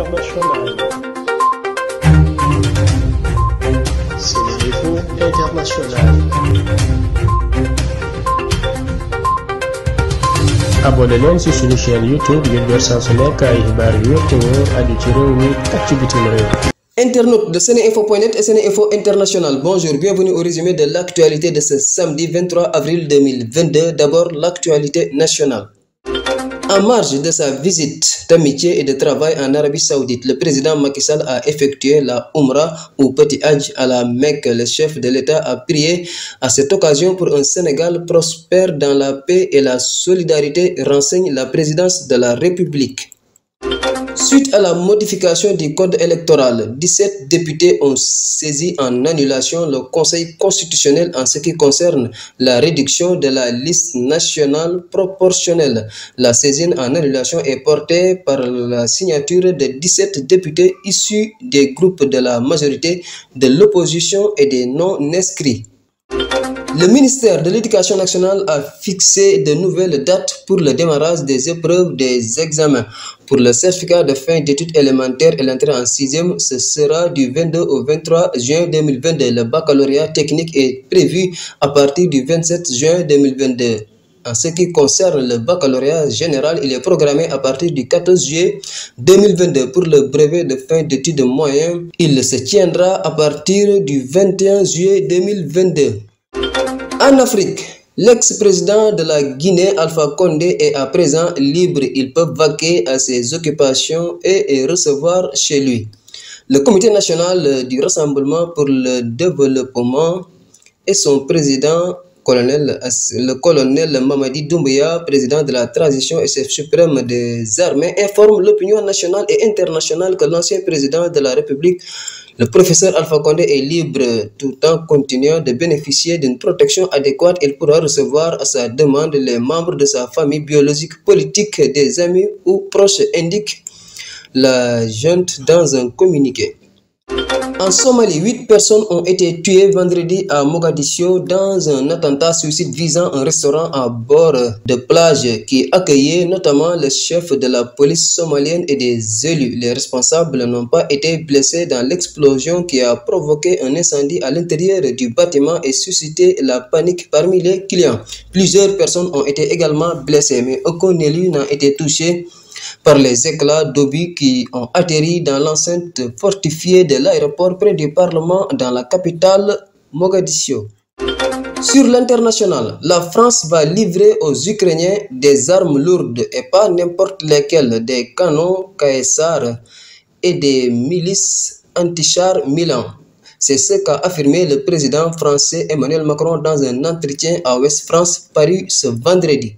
internationale. C'est l'info internationale. abonné leen ci suñu chaîne YouTube ngir jot saa su nekk ay xibaar yu yëpp aju ci réew mi ak ci bitim réew. Internautes de Seneinfo.net et Seneinfo International, bonjour, bienvenue au résumé de l'actualité de ce samedi 23 avril 2022. D'abord, l'actualité nationale. En marge de sa visite d'amitié et de travail en Arabie Saoudite. Le président Macky Sall a effectué la Umrah ou Petit Hajj à la Mecque. Le chef de l'État a prié à cette occasion pour un Sénégal prospère dans la paix et la solidarité, renseigne la présidence de la République. Suite à la modification du code électoral, 17 députés ont saisi en annulation le Conseil constitutionnel en ce qui concerne la réduction de la liste nationale proportionnelle. La saisine en annulation est portée par la signature de dix 17 députés issus des groupes de la majorité, de l'opposition et des non-inscrits. Le ministère de l'Éducation nationale a fixé de nouvelles dates pour le démarrage des épreuves des Pour le certificat de fin d'études élémentaires et l'entrée en sixième, au 23 juin 2022. Le baccalauréat technique est prévu à partir du 27 juin 2022. En ce qui concerne le baccalauréat général, il est programmé à partir du 14 juillet 2022 pour le brevet de fin d'études moyennes. Il se tiendra à partir du 21 juillet 2022. En Afrique, l'ex-président de la Guinée, Alpha Condé, est à présent libre. Il peut vaquer à ses occupations et recevoir chez lui. Le comité national du Rassemblement pour le développement et son président colonel, le colonel Mamadi Doumbouya, président de la transition et chef suprême des armées, informe l'opinion nationale et internationale que l'ancien président de la République, le professeur Alpha Condé, est libre tout en continuant de bénéficier d'une protection adéquate. Il pourra recevoir à sa demande les membres de sa famille biologique, politique, des amis ou proches, indique la junte dans un communiqué. En Somalie, 8 personnes ont été tuées vendredi à Mogadiscio dans un attentat suicide visant un restaurant à bord de plage qui accueillait notamment le chef de la police somalienne et des élus. Les responsables n'ont pas été blessés dans l'explosion qui a provoqué un incendie à l'intérieur du bâtiment et suscité la panique parmi les clients. Plusieurs personnes ont été également blessées, mais aucun élu n'a été touché. par les éclats d'obus qui ont atterri dans l'enceinte fortifiée de l'aéroport près du Parlement dans la capitale Mogadiscio. Sur l'international, la France va livrer aux Ukrainiens des armes lourdes et pas n'importe lesquelles, des canons Caesar et des milices antichars Milan. C'est ce qu'a affirmé le président français Emmanuel Macron dans un entretien à Ouest France paru ce vendredi.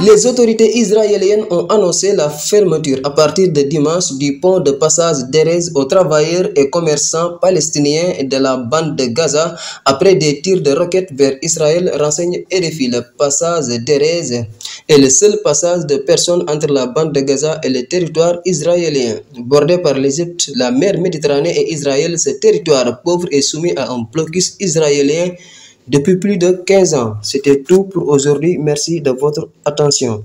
Les autorités israéliennes ont annoncé la fermeture à partir de dimanche du pont de passage d'Erez aux travailleurs et commerçants palestiniens de la bande de Gaza après des tirs de roquettes vers Israël, renseigne RFI. Le passage d'Erez et le seul passage de personnes entre la bande de Gaza et le territoire israélien. Bordé par l'Égypte, la mer Méditerranée et Israël, ce territoire pauvre est soumis à un blocus israélien depuis plus de 15 ans. C'était tout pour aujourd'hui. Merci de votre attention.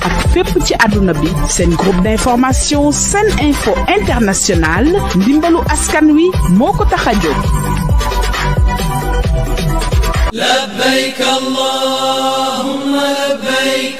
ak fépp ci àdduna bi seen groupe d'information seen info international ndimbalu askan wi moo ko tax a jóg labbayk allahumma labbayk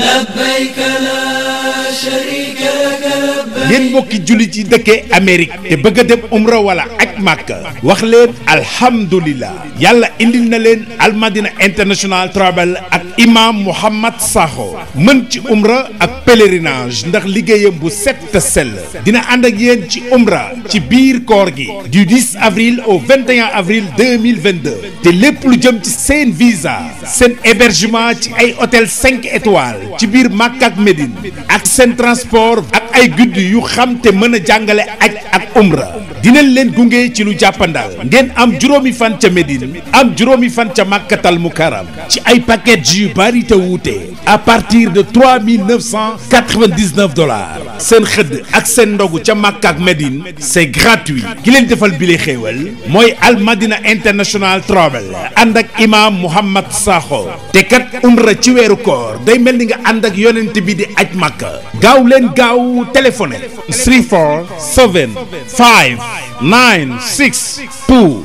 labbayk laa sharika laka labbayk yéen mbokki jullit yi dëkkee Amérique te bëgg a dem umra wala ak Màkka wax leen alhamdulillah yàlla indil na leen almadina international travel imam Mouhamad Sakho mën ci umra ak pèlerinage ndax liggéeyam bu set te sell dina ànd ak yéen ci umra ci biir koor gi du 10 avril au 21 avril 2022 te lépp lu jëm ci seen visa seen hébergement ci ay hôtel 5 étoiles ci biir Makka ak Médine ak seen transport ak ay guddi yu xam te mën a jàngale aj ak umra dinañ leen gunge ci lu jàppandaal ngeen am juróomi fan ca Médine am juróomi fan ca Makkatal Mukaram ci ay paquets yu bari wuute à partir de 3999 dollars seen xëdd ak seen ndogu ca Makka ak Médine c'est gratuit ki leen defal bile xéewal mooy Al Madina International Travel ànd ak imam Mouhamad Sakho te kat umra ci weeru koor day mel ni nga ànd ak yonent bi di aj Makka gaaw leen gaaw téléphoné 34 7 5 nine six two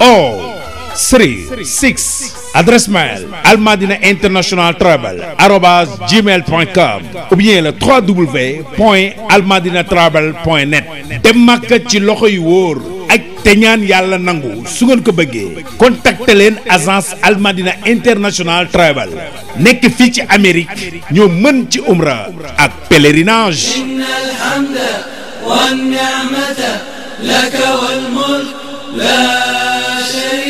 oh three six adresse mail almadina international travel arobase gmail point com ou bien le www point almadina trabal point net dem Makka ci loxo yu wóor ak teñaan ñaan yàlla nangu su ngeen ko bëggee contacte leen agence almadina international travel nekk fii ci Amérique ñoo mën ci umra ak pèlerinage لك والملك لا شريك